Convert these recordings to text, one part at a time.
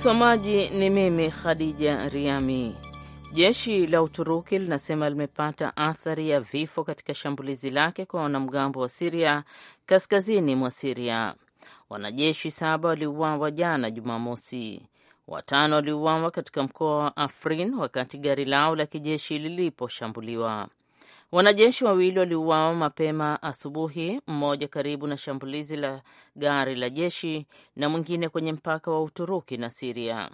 Msomaji ni mimi Khadija Riami. Jeshi la Uturuki linasema limepata athari ya vifo katika shambulizi lake kwa wanamgambo wa Siria kaskazini mwa Siria. Wanajeshi saba waliuawa jana Jumamosi, watano waliuawa katika mkoa wa Afrin wakati gari lao la kijeshi liliposhambuliwa. Wanajeshi wawili waliuawa mapema asubuhi, mmoja karibu na shambulizi la gari la jeshi na mwingine kwenye mpaka wa Uturuki na Siria.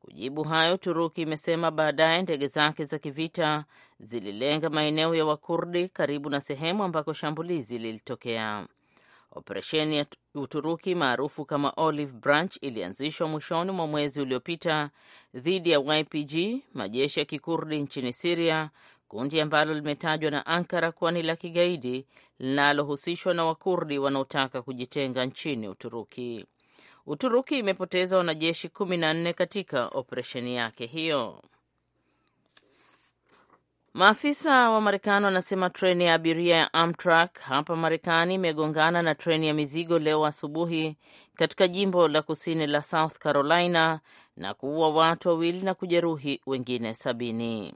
Kujibu hayo, Uturuki imesema baadaye ndege zake za kivita zililenga maeneo ya Wakurdi karibu na sehemu ambako shambulizi lilitokea. Operesheni ya Uturuki maarufu kama Olive Branch ilianzishwa mwishoni mwa mwezi uliopita dhidi ya YPG, majeshi ya Kikurdi nchini Siria, kundi ambalo limetajwa na Ankara kuwa ni la kigaidi linalohusishwa na Wakurdi wanaotaka kujitenga nchini Uturuki. Uturuki imepoteza wanajeshi kumi na nne katika operesheni yake hiyo. Maafisa wa Marekani wanasema treni ya abiria ya Amtrak hapa Marekani imegongana na treni ya mizigo leo asubuhi katika jimbo la kusini la South Carolina na kuua watu wawili na kujeruhi wengine sabini.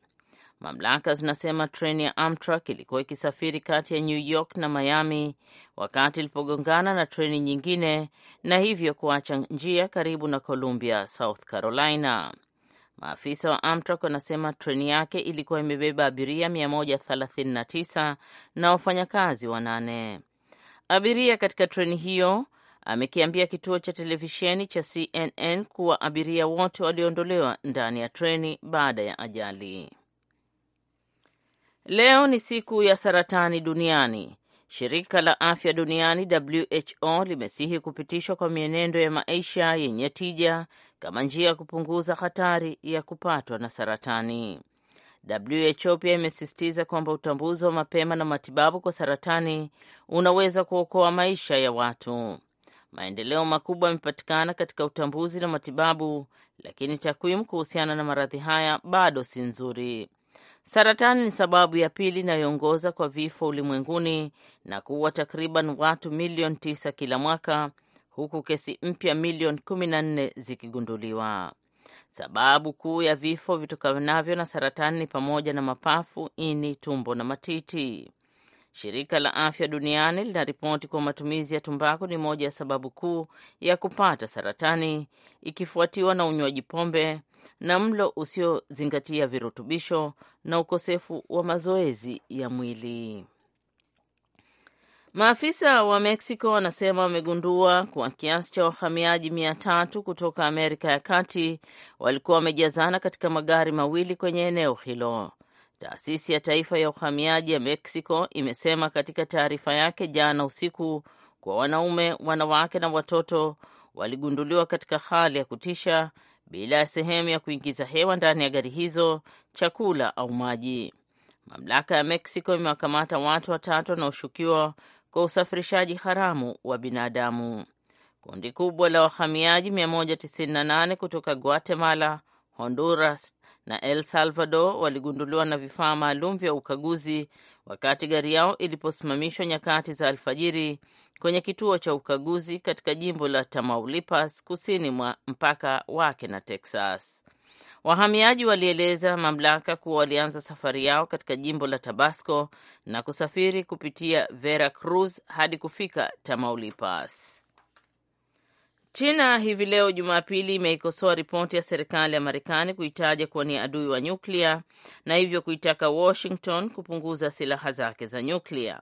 Mamlaka zinasema treni ya Amtrak ilikuwa ikisafiri kati ya New York na Miami wakati ilipogongana na treni nyingine na hivyo kuacha njia karibu na Columbia, South Carolina. Maafisa wa Amtrak wanasema treni yake ilikuwa imebeba abiria 139 na wafanyakazi wanane. Abiria katika treni hiyo amekiambia kituo cha televisheni cha CNN kuwa abiria wote waliondolewa ndani ya treni baada ya ajali. Leo ni siku ya saratani duniani. Shirika la afya duniani WHO limesihi kupitishwa kwa mienendo ya maisha yenye tija kama njia ya kupunguza hatari ya kupatwa na saratani. WHO pia imesisitiza kwamba utambuzi wa mapema na matibabu kwa saratani unaweza kuokoa maisha ya watu. Maendeleo makubwa yamepatikana katika utambuzi na matibabu, lakini takwimu kuhusiana na maradhi haya bado si nzuri. Saratani ni sababu ya pili inayoongoza kwa vifo ulimwenguni na kuua takriban watu milioni tisa kila mwaka, huku kesi mpya milioni kumi na nne zikigunduliwa. Sababu kuu ya vifo vitokanavyo na saratani ni pamoja na mapafu, ini, tumbo na matiti. Shirika la Afya Duniani linaripoti kuwa matumizi ya tumbaku ni moja ya sababu kuu ya kupata saratani, ikifuatiwa na unywaji pombe, na mlo usiozingatia virutubisho na ukosefu wa mazoezi ya mwili. Maafisa wa Mexico wanasema wamegundua kwa kiasi cha wahamiaji mia tatu kutoka Amerika ya Kati walikuwa wamejazana katika magari mawili kwenye eneo hilo. Taasisi ya Taifa ya Uhamiaji ya Mexico imesema katika taarifa yake jana usiku kwa wanaume, wanawake na watoto waligunduliwa katika hali ya kutisha bila ya sehemu ya kuingiza hewa ndani ya gari hizo, chakula au maji. Mamlaka ya Mexico imewakamata watu watatu wanaoshukiwa kwa usafirishaji haramu wa binadamu. Kundi kubwa la wahamiaji 198 kutoka Guatemala, Honduras na El Salvador waligunduliwa na vifaa maalum vya ukaguzi wakati gari yao iliposimamishwa nyakati za alfajiri kwenye kituo cha ukaguzi katika jimbo la Tamaulipas kusini mwa mpaka wake na Texas. Wahamiaji walieleza mamlaka kuwa walianza safari yao katika jimbo la Tabasco na kusafiri kupitia vera cruz hadi kufika Tamaulipas. China hivi leo Jumapili imeikosoa ripoti ya serikali ya Marekani kuitaja kuwa ni adui wa nyuklia na hivyo kuitaka Washington kupunguza silaha zake za nyuklia.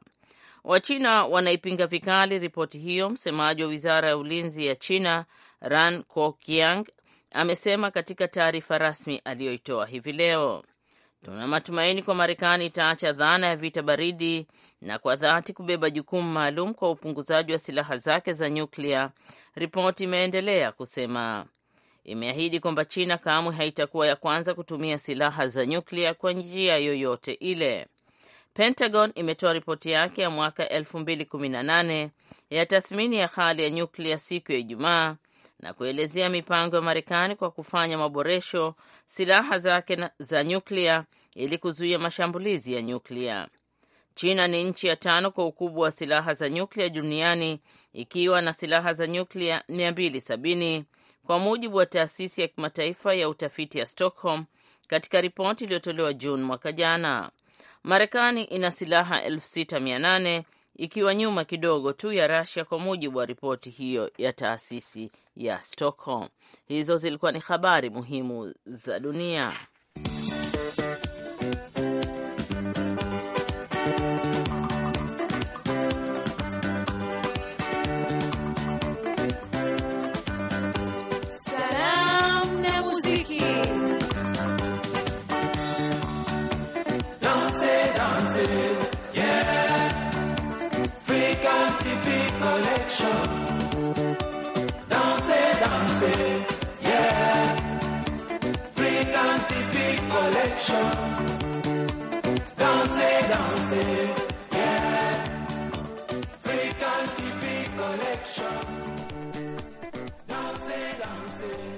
Wachina wanaipinga vikali ripoti hiyo. Msemaji wa wizara ya ulinzi ya China Ran Kokiang amesema katika taarifa rasmi aliyoitoa hivi leo, tuna matumaini kwa Marekani itaacha dhana ya vita baridi na kwa dhati kubeba jukumu maalum kwa upunguzaji wa silaha zake za nyuklia. Ripoti imeendelea kusema imeahidi kwamba China kamwe haitakuwa ya kwanza kutumia silaha za nyuklia kwa njia yoyote ile. Pentagon imetoa ripoti yake ya mwaka 2018 ya tathmini ya hali ya nyuklia siku ya Ijumaa na kuelezea mipango ya Marekani kwa kufanya maboresho silaha zake za nyuklia ili kuzuia mashambulizi ya nyuklia. China ni nchi ya tano kwa ukubwa wa silaha za nyuklia duniani ikiwa na silaha za nyuklia 270 kwa mujibu wa taasisi ya kimataifa ya utafiti ya Stockholm katika ripoti iliyotolewa Juni mwaka jana. Marekani ina silaha 6800 ikiwa nyuma kidogo tu ya Russia kwa mujibu wa ripoti hiyo ya taasisi ya Stockholm. Hizo zilikuwa ni habari muhimu za dunia.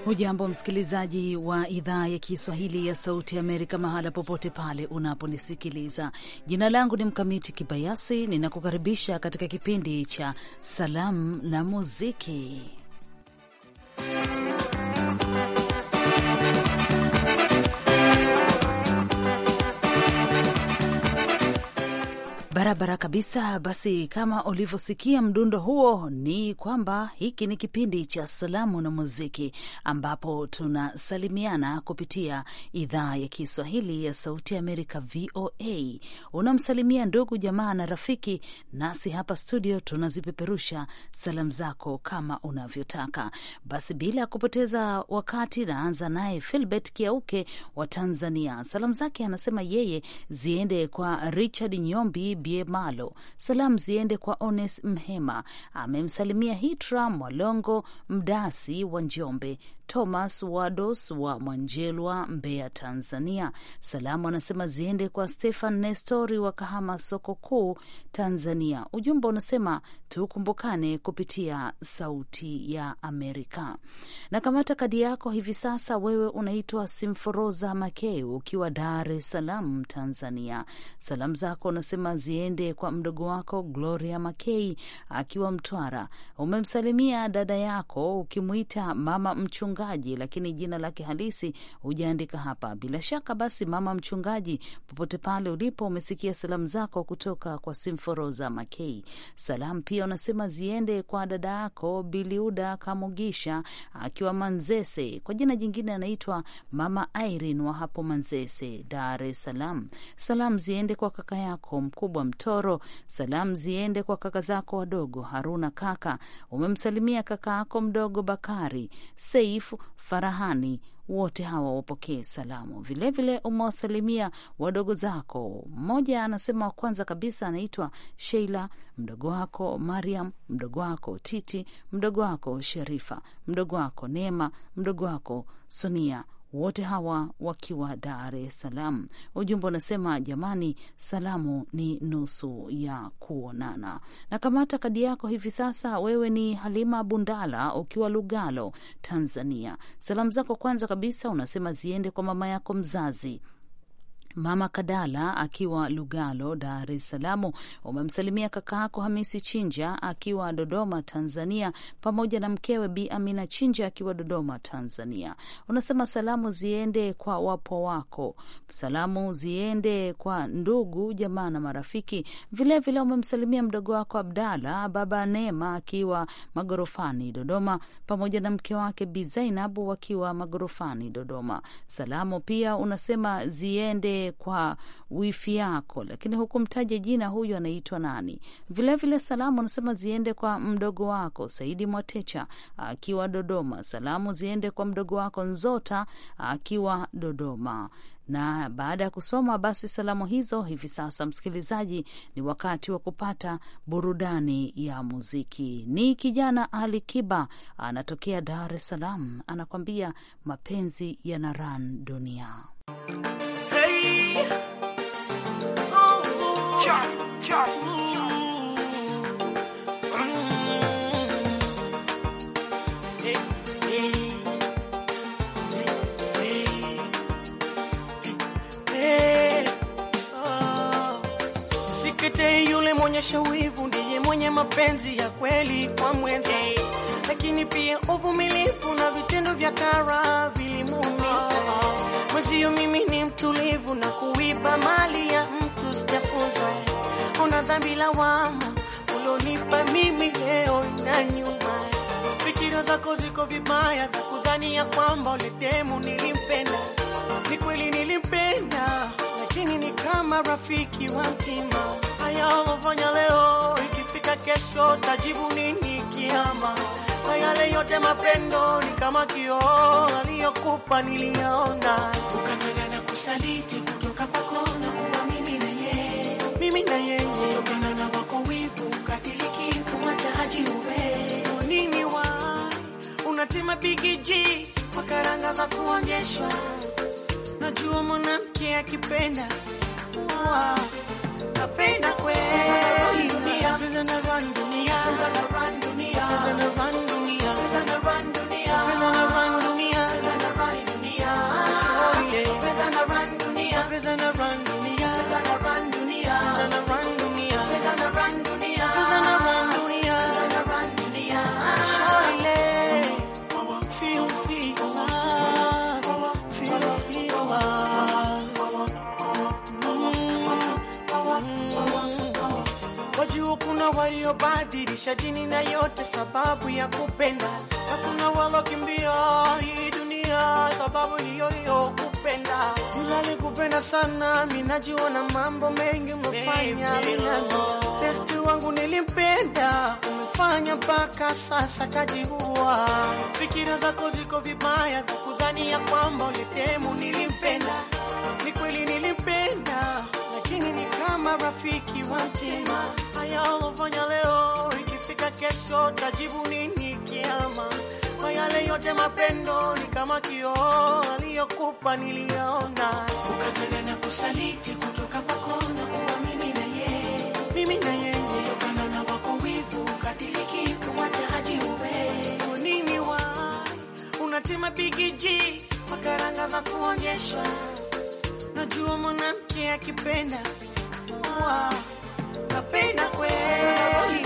Hujambo msikilizaji wa idhaa ya Kiswahili ya Sauti ya Amerika, mahala popote pale unaponisikiliza. Jina langu ni Mkamiti Kibayasi, ninakukaribisha katika kipindi cha Salamu na Muziki. Barabara kabisa. Basi kama ulivyosikia mdundo huo, ni kwamba hiki ni kipindi cha salamu na muziki ambapo tunasalimiana kupitia idhaa ya Kiswahili ya Sauti ya Amerika, VOA. Unamsalimia ndugu jamaa na rafiki, nasi hapa studio tunazipeperusha salamu zako kama unavyotaka. Basi bila ya kupoteza wakati, naanza naye Filbert Kiauke wa Tanzania. Salamu zake anasema yeye ziende kwa Richard Nyombi Ye Malo. Salamu ziende kwa Ones Mhema, amemsalimia Hitra Mwalongo Mdasi wa Njombe, Thomas Wados wa Mwanjelwa, Mbeya, Tanzania. Salamu anasema ziende kwa Stefan Nestori wa Kahama, soko kuu, Tanzania. Ujumbe unasema tukumbukane kupitia Sauti ya Amerika. Na kamata kadi yako hivi sasa, wewe unaitwa Simforoza Makei ukiwa Dar es Salaam, Tanzania. Salamu zako unasema ziende kwa mdogo wako Gloria Makei akiwa Mtwara. Umemsalimia dada yako ukimwita mama mchunga mchungaji, lakini jina lake halisi hujaandika hapa. Bila shaka basi, mama mchungaji, popote pale ulipo, umesikia salamu zako kutoka kwa Simforoza Makei. Salamu pia unasema ziende kwa dada yako Biliuda Kamugisha akiwa Manzese, kwa jina jingine anaitwa Mama Irene wa hapo Manzese, Dar es Salaam. Salamu ziende kwa kaka yako mkubwa Mtoro. Salamu ziende kwa kaka zako wadogo Haruna kaka, umemsalimia kaka yako mdogo Bakari Seif Yusuf Farahani. Wote hawa wapokee salamu. Vilevile umewasalimia wadogo zako. Mmoja anasema wa kwanza kabisa anaitwa Sheila, mdogo wako Mariam, mdogo wako Titi, mdogo wako Sherifa, mdogo wako Neema, mdogo wako Sonia wote hawa wakiwa Dar es Salaam. Ujumbe unasema jamani, salamu ni nusu ya kuonana. Na kamata kadi yako hivi sasa. Wewe ni Halima Bundala ukiwa Lugalo, Tanzania. Salamu zako kwanza kabisa unasema ziende kwa mama yako mzazi Mama Kadala akiwa Lugalo, Dar es Salaam. wamemsalimia kakaako Hamisi Chinja akiwa Dodoma, Tanzania, pamoja na mkewe Bi Amina Chinja akiwa Dodoma, Tanzania. Unasema salamu ziende kwa wapo wako, salamu ziende kwa ndugu jamaa na marafiki. Vilevile umemsalimia mdogo wako Abdala Baba Neema akiwa Magorofani, Dodoma, pamoja na mke wake Bi Zainabu wakiwa Magorofani, Dodoma. Salamu pia unasema ziende kwa wifi yako, lakini hukumtaja jina, huyu anaitwa nani. Vilevile salamu anasema ziende kwa mdogo wako Saidi Mwatecha akiwa Dodoma. Salamu ziende kwa mdogo wako Nzota akiwa Dodoma na baada ya kusoma basi salamu hizo, hivi sasa, msikilizaji, ni wakati wa kupata burudani ya muziki. Ni kijana Ali Kiba anatokea Dar es Salaam, anakwambia mapenzi yana ran dunia Msikete yule mwenye shawivu ndiye mwenye mapenzi ya kweli kwa mwenzi lakini pia uvumilivu na vitendo vya kara vilimuumiza. Mwezio mimi ni mtulivu na kuiba mali ya mtu sijafunza. Una dhambi lawama ulonipa mimi leo na nyuma. Fikira zako ziko vibaya za ya kwamba uletemu nilimpenda. Ni kweli nilimpenda, lakini ni kama rafiki wa mtima. Haya unafanya leo, ikifika kesho tajibu nini? yote mapendo ni kama kio aliyokupa niliona, tukafanya na kusaliti kutoka kwako na mimi na yeye, mimi na yeye, tokana na wako wivu katiliki kumwacha haji ube nini wa unatima bigiji kwa karanga za kuonyeshwa, najua mwanamke akipenda, wa napenda kweli Mm. waliobadilisha jini na yote sababu ya kupenda, hakuna walokimbia hii dunia sababu hiyo hiyo kupenda Jula likupenda sana, minajiona mambo mengi umefanya minano wangu nilimpenda, umefanya mpaka sasa kajiua. Fikira zako ziko vibaya, ya kwamba uletemu. Nilimpenda, ni kweli nilimpenda, lakini ni kama rafiki wa mtima. Haya ulofanya leo, ikifika kesho tajibu nini kiama kwa yale yote, mapendo ni kama kioo, aliyokupa niliona ukatana na kusaliti kutoka kwa kona kwa mimi na ye mimi na ye kutokana na wako wivu, ukatiliki kuwacha haji uwe nini wa unatima bigiji makaranga za kuonyeshwa, najua mwanamke akipenda, wa napenda kweli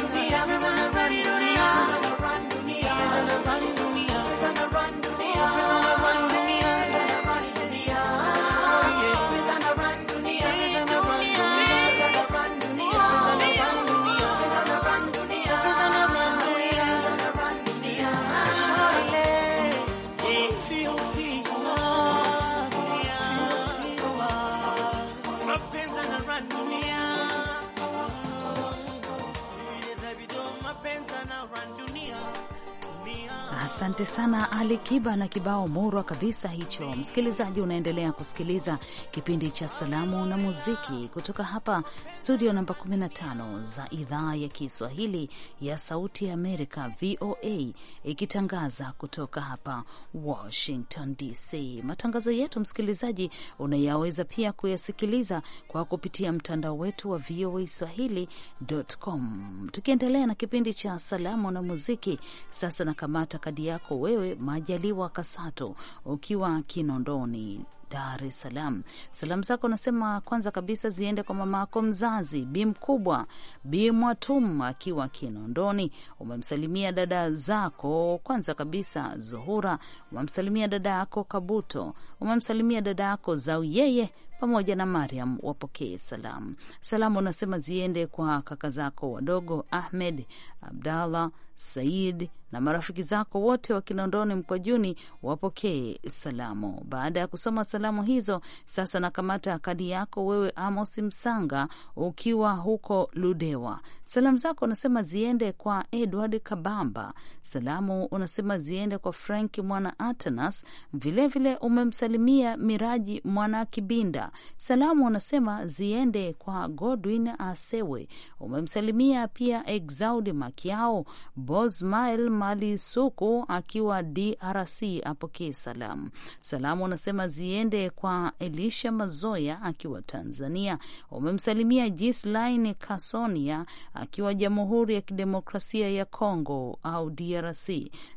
Asante sana Ali Kiba na kibao murwa kabisa hicho. Msikilizaji, unaendelea kusikiliza kipindi cha Salamu na Muziki kutoka hapa studio namba 15 za idhaa ya Kiswahili ya Sauti ya Amerika, VOA, ikitangaza kutoka hapa Washington DC. Matangazo yetu, msikilizaji, unayaweza pia kuyasikiliza kwa kupitia mtandao wetu wa VOA Swahili.com. Tukiendelea na kipindi cha Salamu na Muziki, sasa nakamata kadi yako wako wewe Majaliwa Kasato ukiwa Kinondoni Dar es Salaam. Salamu zako nasema kwanza kabisa ziende kwa mama yako mzazi Bi Mkubwa, Bi Mwatum akiwa Kinondoni. Umemsalimia dada zako kwanza kabisa Zuhura, umemsalimia dada yako Kabuto, umemsalimia dada yako Zauyeye pamoja na Mariam wapokee salamu. Salamu unasema ziende kwa kaka zako wadogo Ahmed Abdallah Said na marafiki zako wote wa Kinondoni Mkwajuni wapokee salamu. Baada ya kusoma salamu hizo, sasa nakamata kadi yako wewe, Amos Msanga, ukiwa huko Ludewa. Salamu zako unasema ziende kwa Edward Kabamba, salamu unasema ziende kwa Frank mwana Atanas, vilevile umemsalimia Miraji mwana Kibinda. Salamu unasema ziende kwa Godwin Asewe, umemsalimia pia Exaudi Makiao Bosmail Mali Suku akiwa DRC apokee salamu. Salamu anasema ziende kwa Elisha Mazoya akiwa Tanzania. Umemsalimia Jislain Kasonia akiwa Jamhuri ya Kidemokrasia ya congo au DRC.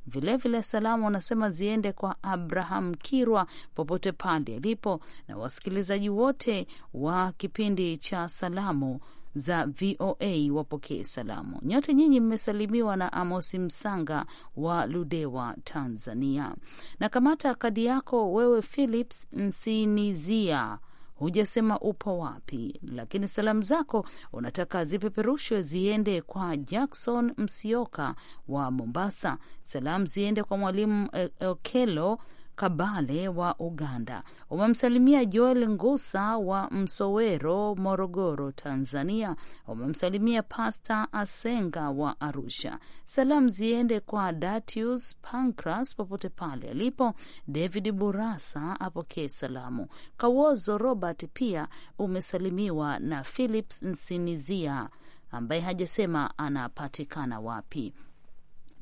Vilevile vile salamu anasema ziende kwa Abraham Kirwa popote pale alipo na wasikilizaji wote wa kipindi cha salamu za VOA wapokee salamu. Nyote nyinyi mmesalimiwa na Amosi Msanga wa Ludewa, Tanzania. Na kamata kadi yako wewe, Philips Nsinizia hujasema upo wapi, lakini salamu zako unataka zipeperushwe ziende kwa Jackson Msioka wa Mombasa. Salamu ziende kwa Mwalimu eh, Okelo Kabale wa Uganda wamemsalimia Joel Ngusa wa Msowero, Morogoro, Tanzania. Wamemsalimia Pasta Asenga wa Arusha. Salamu ziende kwa Datius Pancras popote pale alipo. David Burasa apokee salamu. Kawozo Robert pia umesalimiwa na Philips Nsinizia ambaye hajasema anapatikana wapi.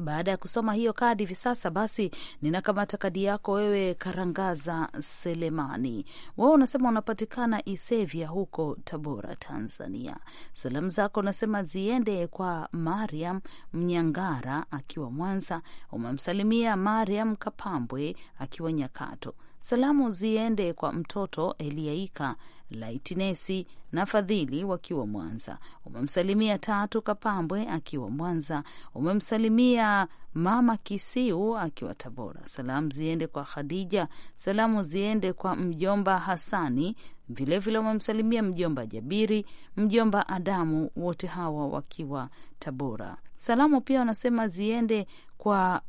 Baada ya kusoma hiyo kadi hivi sasa, basi ninakamata kadi yako wewe, Karangaza Selemani, wewe unasema unapatikana Isevya huko Tabora, Tanzania. Salamu zako unasema ziende kwa Mariam Mnyangara akiwa Mwanza, umemsalimia Mariam Kapambwe akiwa Nyakato. Salamu ziende kwa mtoto Eliaika Laitinesi na Fadhili wakiwa Mwanza. Umemsalimia Tatu Kapambwe akiwa Mwanza. Umemsalimia Mama Kisiu akiwa Tabora. Salamu ziende kwa Khadija. Salamu ziende kwa mjomba Hasani. Vilevile umemsalimia mjomba Jabiri, mjomba Adamu, wote hawa wakiwa Tabora. Salamu pia wanasema ziende kwa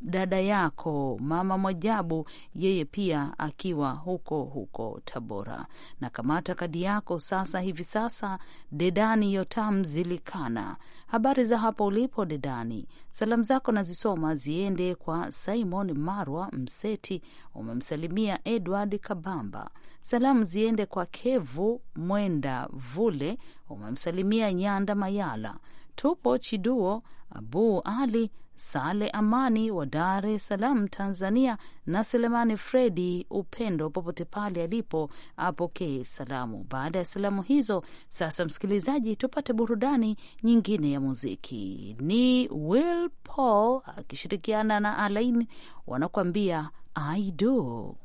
dada yako Mama Mwajabu, yeye pia akiwa huko huko Tabora. Na kamata kadi yako sasa hivi sasa. Dedani Yotam Zilikana, habari za hapo ulipo Dedani? Salamu zako nazisoma ziende kwa Simon Marwa Mseti, umemsalimia Edward Kabamba. Salamu ziende kwa Kevu Mwenda Vule, umemsalimia Nyanda Mayala, tupo Chiduo Abu Ali Sale Amani wa Dar es Salaam, Tanzania, na Selemani Fredi Upendo popote pale alipo apokee salamu. Baada ya salamu hizo, sasa msikilizaji, tupate burudani nyingine ya muziki. Ni Will Paul akishirikiana na Alain wanakuambia I do.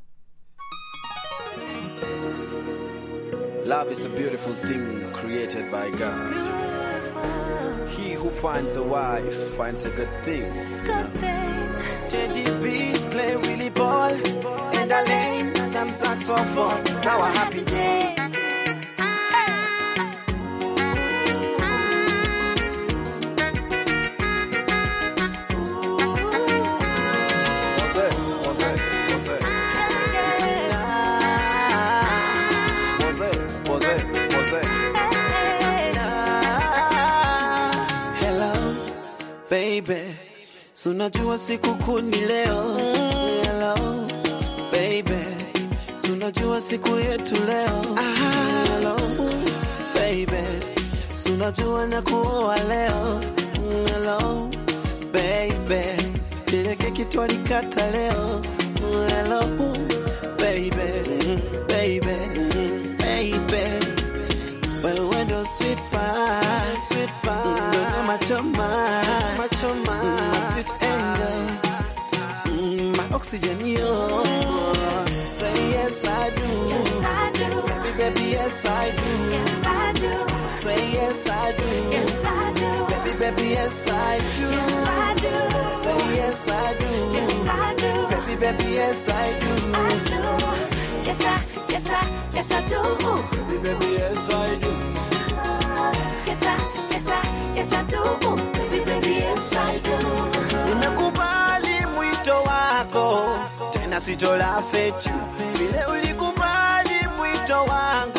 Love is a beautiful thing created by God. He who finds a wife finds a good thing. Good thing. JDB play really ball and the lane. Some saxophone. Now a happy day. Sunajua siku kuni leo hello baby, sunajua siku yetu leo hello baby, sunajua na kuoa leo hello baby, ile keki twalikata leo hello baby, baby, baby, wewe ndo sweet pie, sweet pie, machoma machoma oxygen, yo. Say yes, I do. Baby, baby, yes, I do. Say yes, I do. Baby, baby, yes, I do. Say yes, I do. Yes, I do. Baby, baby, yes, I do. I do. Yes, I, yes, I, yes, I do. Baby, baby, yes, I do. na sitola fetu vile ulikubali mwito wangu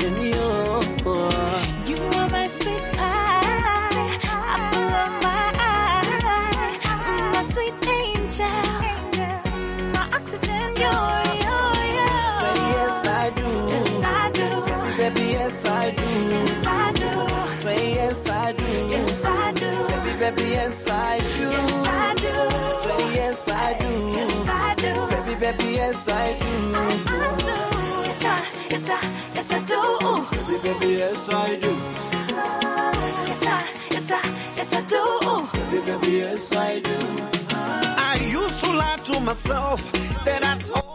You are my sweet apple of my eye, my sweet angel, my oxygen. you Say yes, I do. Yes, I do. Baby, baby, yes, I do. Yes, I do. Say yes, I do. Yes, I do. Baby, baby, yes, I do. Yes, I do. Say yes, I do. Yes, I do. Baby, baby, yes, I do yes I do. Baby, baby, yes I do. Yes I, yes I, yes I do. Baby, baby, yes I do. I used to lie to myself that I'd.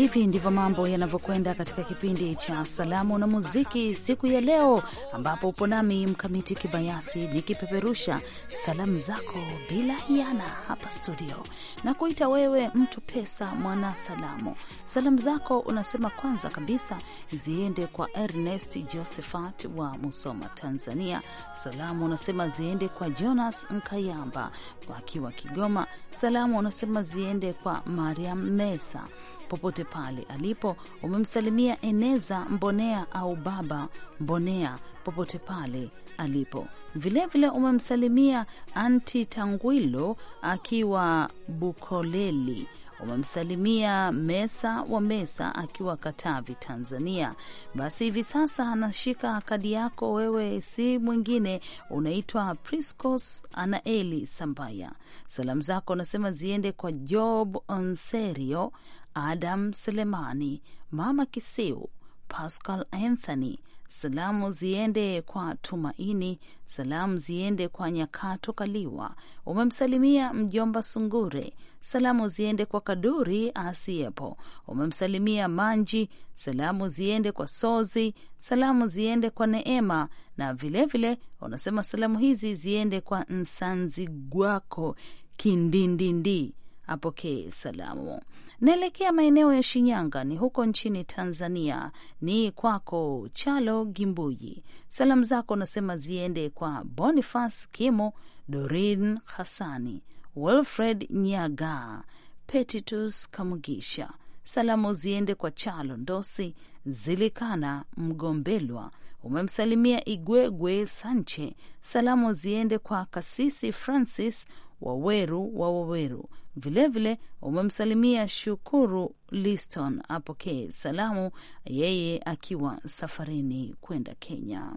Hivi ndivyo mambo yanavyokwenda katika kipindi cha salamu na muziki siku ya leo, ambapo upo nami Mkamiti Kibayasi nikipeperusha salamu zako bila hiana hapa studio na kuita wewe mtu pesa mwana salamu. Salamu zako unasema kwanza kabisa ziende kwa Ernest Josephat wa Musoma, Tanzania. Salamu unasema ziende kwa Jonas Nkayamba wakiwa Kigoma. Salamu unasema ziende kwa Mariam Mesa popote pale alipo. Umemsalimia Eneza Mbonea au Baba Mbonea popote pale alipo. Vilevile umemsalimia Anti Tangwilo akiwa Bukoleli. Umemsalimia Mesa wa Mesa akiwa Katavi, Tanzania. Basi hivi sasa anashika kadi yako wewe, si mwingine unaitwa Priscos Anaeli Sambaya. Salamu zako nasema ziende kwa Job Onserio Adam Selemani, Mama Kisiu, Pascal Anthony. Salamu ziende kwa Tumaini, salamu ziende kwa Nyakato Kaliwa, umemsalimia mjomba Sungure, salamu ziende kwa Kaduri Asiepo, umemsalimia Manji, salamu ziende kwa Sozi, salamu ziende kwa Neema na vilevile unasema salamu hizi ziende kwa nsanzi gwako Kindindindi apokee salamu. Naelekea maeneo ya Shinyanga, ni huko nchini Tanzania. Ni kwako Chalo Gimbuyi, salamu zako nasema ziende kwa Bonifas Kimo, Dorin Hasani, Wilfred Nyaga, Petitus Kamugisha. Salamu ziende kwa Chalo Ndosi, Zilikana Mgombelwa. Umemsalimia Igwegwe Sanche. Salamu ziende kwa Kasisi Francis Waweru wa Waweru, Vilevile umemsalimia Shukuru Liston apokee salamu, yeye akiwa safarini kwenda Kenya.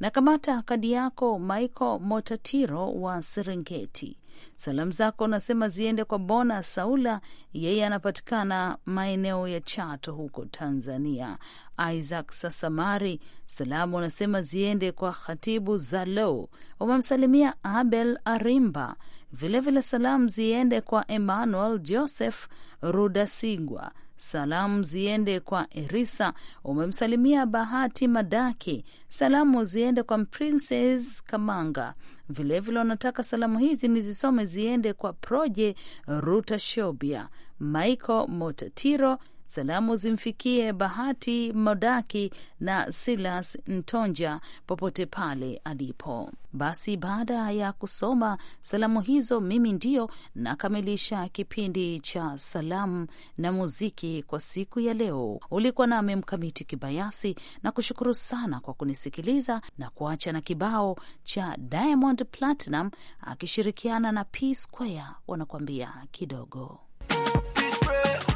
Na kamata kadi yako Michael Motatiro wa Serengeti. Salamu zako unasema ziende kwa Bona Saula, yeye anapatikana maeneo ya Chato huko Tanzania. Isaac Sasamari, salamu unasema ziende kwa Khatibu Zalo. Umemsalimia Abel Arimba, Vilevile salamu ziende kwa Emmanuel Joseph Rudasigwa. Salamu ziende kwa Erisa, umemsalimia Bahati Madaki. Salamu ziende kwa Princess Kamanga. Vilevile wanataka salamu hizi nizisome ziende kwa Proje Rutashobia, Michael Motatiro Salamu zimfikie Bahati Modaki na Silas Ntonja popote pale alipo. Basi baada ya kusoma salamu hizo, mimi ndio nakamilisha kipindi cha salamu na muziki kwa siku ya leo. Ulikuwa nami Mkamiti Kibayasi na kushukuru sana kwa kunisikiliza na kuacha na kibao cha Diamond Platinum akishirikiana na P Square wanakuambia kidogo P-Square.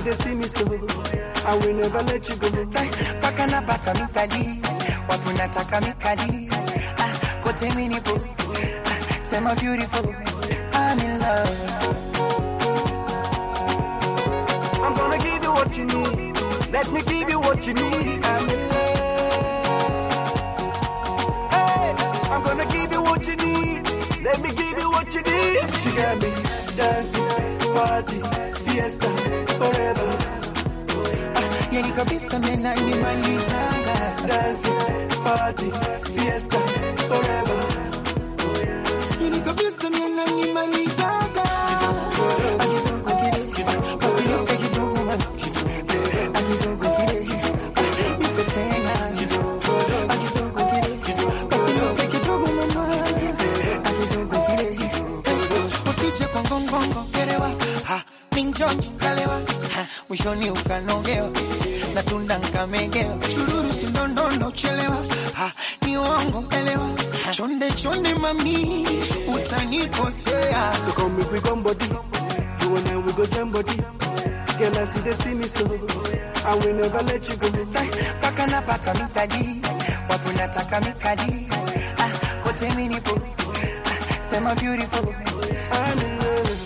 you they see me so. I will never let you go. Pakana bata mikali, wapuna taka mikali. Ah, kote minipo, ah, Say my beautiful. I'm in love. I'm gonna give you what you need. Let me give you what you need. kweli kabisa nena nimalizanga dance party fiesta forever kweli ukanogewa tunda tunda chururu si ndondondo ni wango elewa chonde chonde mami utanikosea so call me we gombo di you and I we go jambo di girl I see they see me so I will never let you go paka napata mitaji watu nataka mikaji kote mimi sema beautiful I'm in love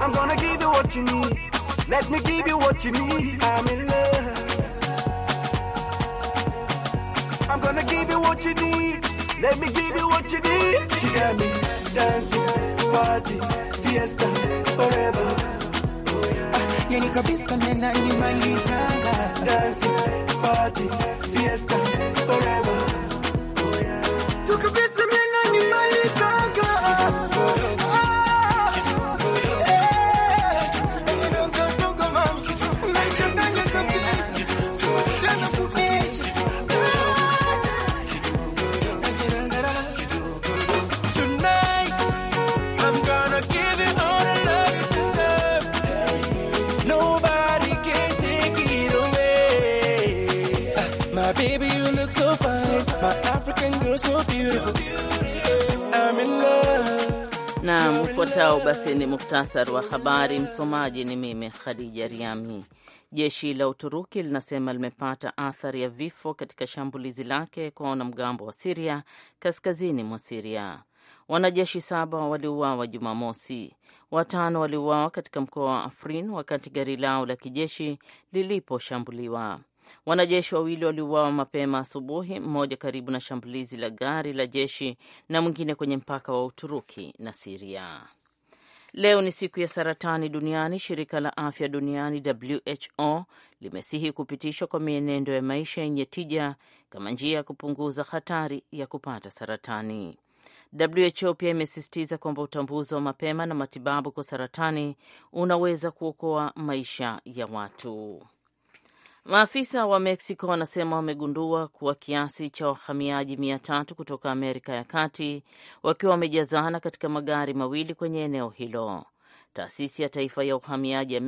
I'm gonna give you what you need Let me give you what you need. I'm in love. I'm gonna give you what you need. Let me give you what you need. She got me dancing, party, fiesta, forever. Ah, yani kabisa mena ni mailizanga Dancing, party, fiesta, forever looking girl so beautiful. I'm in love. Naam, ufuatao basi ni muhtasari wa habari. Msomaji ni mimi Khadija Riami. Jeshi la Uturuki linasema limepata athari ya vifo katika shambulizi lake kwa wanamgambo wa Siria kaskazini mwa Siria. Wanajeshi saba waliuawa Jumamosi, watano waliuawa katika mkoa wa Afrin wakati gari lao la kijeshi liliposhambuliwa. Wanajeshi wawili waliuawa mapema asubuhi, mmoja karibu na shambulizi la gari la jeshi na mwingine kwenye mpaka wa Uturuki na Siria. Leo ni siku ya saratani duniani. Shirika la afya duniani WHO limesihi kupitishwa kwa mienendo ya maisha yenye tija kama njia ya kupunguza hatari ya kupata saratani. WHO pia imesisitiza kwamba utambuzi wa mapema na matibabu kwa saratani unaweza kuokoa maisha ya watu. Maafisa wa Mexico wanasema wamegundua kuwa kiasi cha wahamiaji mia tatu kutoka Amerika ya Kati wakiwa wamejazana katika magari mawili kwenye eneo hilo. Taasisi ya Taifa ya Uhamiaji ya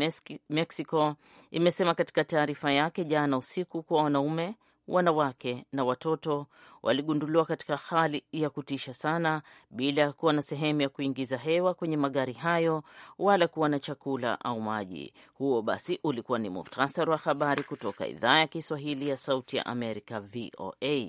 Mexico imesema katika taarifa yake jana usiku kuwa wanaume wanawake na watoto waligunduliwa katika hali ya kutisha sana, bila ya kuwa na sehemu ya kuingiza hewa kwenye magari hayo wala kuwa na chakula au maji. Huo basi ulikuwa ni muhtasari wa habari kutoka idhaa ya Kiswahili ya Sauti ya Amerika, VOA.